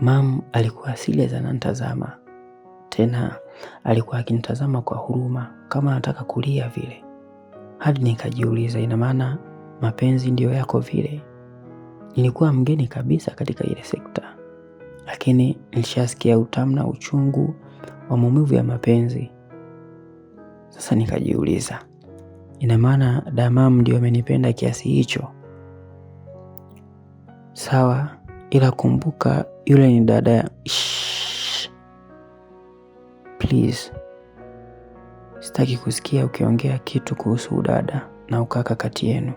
Mam alikuwa serious anantazama tena alikuwa akinitazama kwa huruma kama anataka kulia vile, hadi nikajiuliza, ina maana mapenzi ndiyo yako vile? Nilikuwa mgeni kabisa katika ile sekta, lakini nilishasikia utamu na uchungu wa maumivu ya mapenzi. Sasa nikajiuliza, ina maana Damam ndio amenipenda kiasi hicho? Sawa, ila kumbuka yule ni dada ya please, sitaki kusikia ukiongea kitu kuhusu udada na ukaka kati yenu.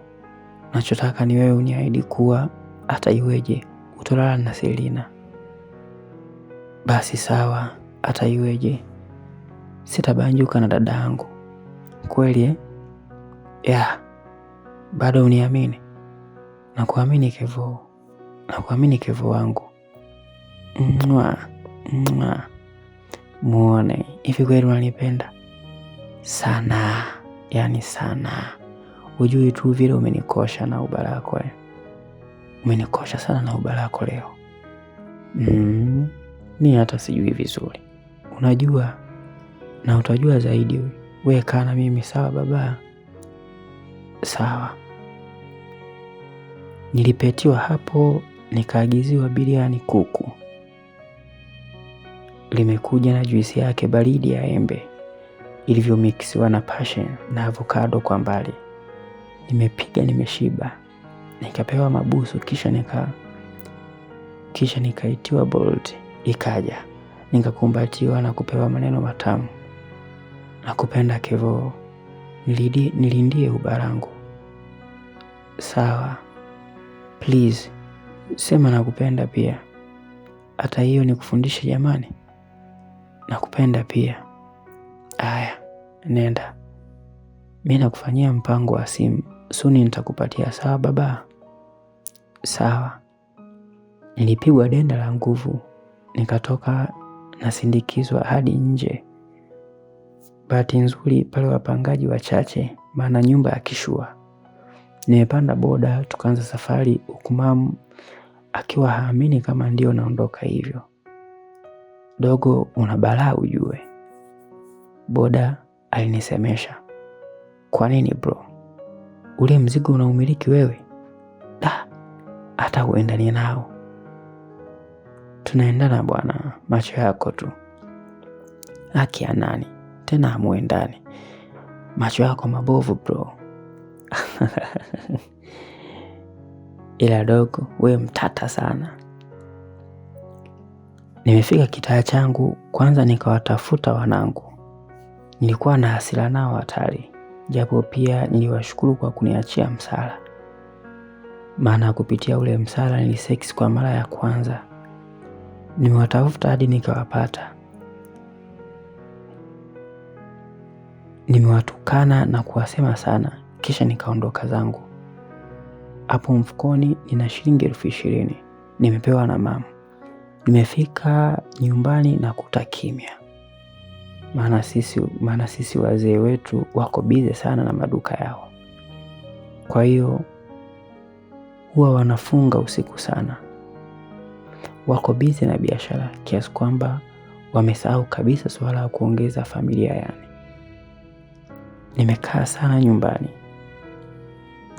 Nachotaka ni wewe uniahidi kuwa hata iweje utolala na Selina. Basi sawa, hata iweje sitabanjuka na dada yangu. Kweli eh? Yeah. Bado uniamini? Nakuamini Kevo, nakuamini Kevo wangu. Mwa, mwa. Muone hivi kweli unanipenda sana, yani sana. Ujui tu vile umenikosha na ubarako eh. Umenikosha sana na ubarako leo mm. Mi hata sijui vizuri, unajua na utajua zaidi we. We kaa na mimi sawa, baba sawa. Nilipetiwa hapo nikaagiziwa biriani kuku limekuja na juisi yake baridi ya embe ilivyomixiwa na passion na avocado kwa mbali. Nimepiga nimeshiba, nikapewa mabusu, kisha nika kisha nikaitiwa bolt ikaja, nikakumbatiwa na kupewa maneno matamu na kupenda Kevo, nilindie ubarangu sawa, please sema nakupenda pia, hata hiyo ni kufundisha jamani nakupenda pia. Aya, nenda, mi nakufanyia mpango wa simu suni, nitakupatia sawa baba? Sawa. Nilipigwa denda la nguvu, nikatoka nasindikizwa hadi nje. Bahati nzuri pale wapangaji wachache, maana nyumba ya kishua. Nimepanda boda tukaanza safari, huku mamu akiwa haamini kama ndio naondoka hivyo dogo, una balaa ujue. Boda alinisemesha, kwa nini bro, ule mzigo unaumiliki wewe? Da, hata uendani nao. Tunaendana bwana, macho yako tu. Haki ya nani tena? Hamuendani, macho yako mabovu bro. Ila dogo, we mtata sana. Nimefika kitaa changu kwanza nikawatafuta wanangu. Nilikuwa na hasira nao hatari, japo pia niliwashukuru kwa kuniachia msala, maana kupitia ule msala niliseksi kwa mara ya kwanza. Nimewatafuta hadi nikawapata. Nimewatukana na kuwasema sana, kisha nikaondoka zangu. Hapo mfukoni nina shilingi elfu ishirini nimepewa na mama. Nimefika nyumbani kuta kimya. Maana sisi maana sisi wazee wetu wako bize sana na maduka yao, kwa hiyo huwa wanafunga usiku sana, wako bize na biashara kiasi kwamba wamesahau kabisa suala la kuongeza familia. Yani nimekaa sana nyumbani,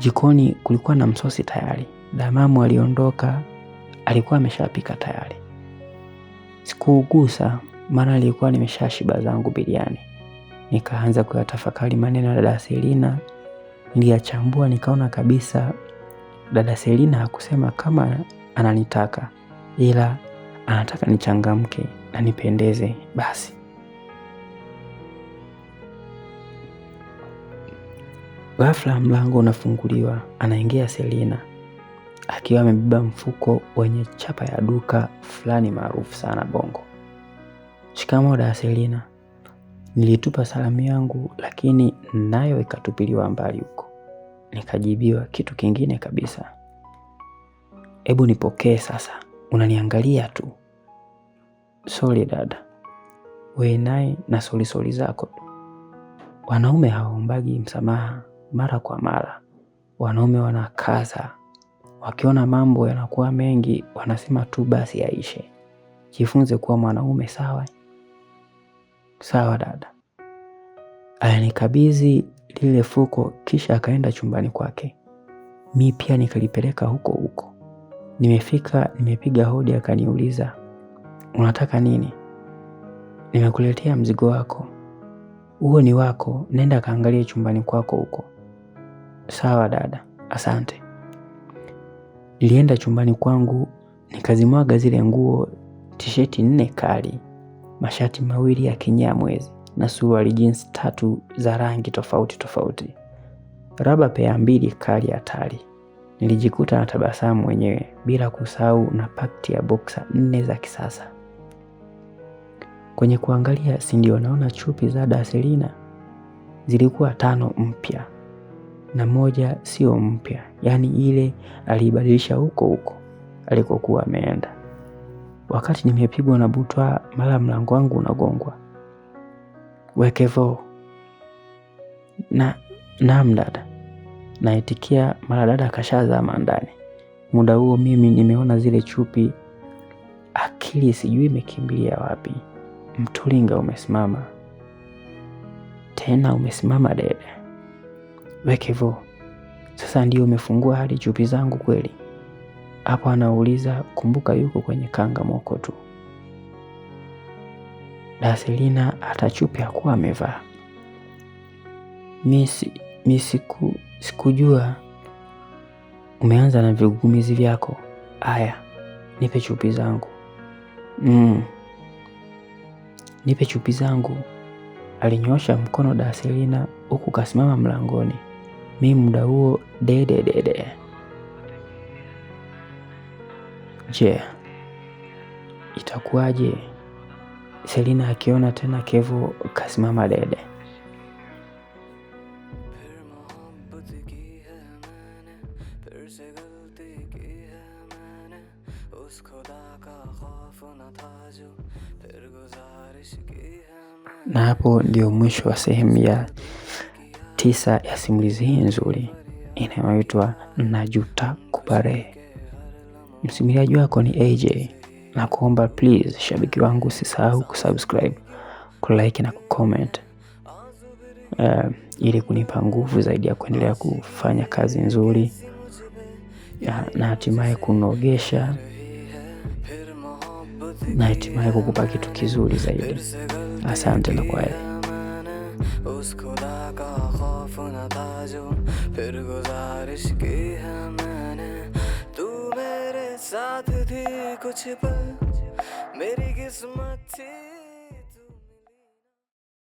jikoni kulikuwa na msosi tayari, damamu aliondoka, alikuwa ameshapika tayari. Sikuugusa maana nilikuwa nimeshashiba zangu biriani. Nikaanza kuyatafakari maneno ya dada Selina, niliyachambua nikaona kabisa dada Selina hakusema kama ananitaka, ila anataka nichangamke na nipendeze. Basi ghafla mlango unafunguliwa, anaingia Selina akiwa amebeba mfuko wenye chapa ya duka fulani maarufu sana Bongo. Shikamo da Selina, nilitupa salamu yangu lakini nayo ikatupiliwa mbali huko. Nikajibiwa kitu kingine kabisa. Hebu nipokee sasa, unaniangalia tu. Sori dada, wewe naye na solisoli zako. Wanaume hawaombagi msamaha mara kwa mara, wanaume wanakaza Wakiona mambo yanakuwa mengi, wanasema tu basi yaishe. Jifunze kuwa mwanaume sawa. Sawa dada. Alinikabidhi lile fuko kisha akaenda chumbani kwake. Mi pia nikalipeleka huko huko. Nimefika nimepiga hodi, akaniuliza unataka nini? Nimekuletea mzigo wako, huo ni wako, nenda kaangalie chumbani kwako huko. Sawa dada, asante. Nilienda chumbani kwangu, nikazimwaga zile nguo tisheti nne kali, mashati mawili ya kinyamwezi na suruali jeans tatu za rangi tofauti tofauti. Raba pea mbili kali hatari. Nilijikuta na tabasamu mwenyewe bila kusahau na pakti ya boksa nne za kisasa. Kwenye kuangalia si ndio naona chupi za Daselina zilikuwa tano mpya na moja sio mpya, yaani ile aliibadilisha huko huko alikokuwa ameenda. Wakati nimepigwa na butwa, mara mlango wangu unagongwa, wekevo na naam dada, naitikia. Mara dada kashazama ndani. Muda huo mimi nimeona zile chupi, akili sijui imekimbilia wapi. Mtulinga umesimama tena, umesimama dede. Wekevo, sasa ndio umefungua hadi chupi zangu kweli? Hapo anauliza, kumbuka yuko kwenye kanga moko tu. Daselina hata chupi hakuwa amevaa. Mi siku sikujua umeanza na vigumizi vyako. Aya, nipe chupi zangu. Mm, nipe chupi zangu. Alinyosha mkono Daselina huku kasimama mlangoni mi muda huo dededede Je, itakuwaje Selina akiona tena Kevo kasimama dede? Na hapo ndio mwisho wa sehemu ya tisa ya simulizi hii nzuri inayoitwa Najuta Kubare. Msimuliaji wako ni AJ na kuomba please, shabiki wangu, usisahau kusubscribe, kulike na kucomment uh, ili kunipa nguvu zaidi ya kuendelea kufanya kazi nzuri ya, na hatimaye kunogesha na hatimaye kukupa kitu kizuri zaidi. Asante na kwaheri. उस खुदा का खौफ न था जो फिर गुजारिश की है मैंने तू मेरे साथ थी कुछ पल मेरी किस्मत थी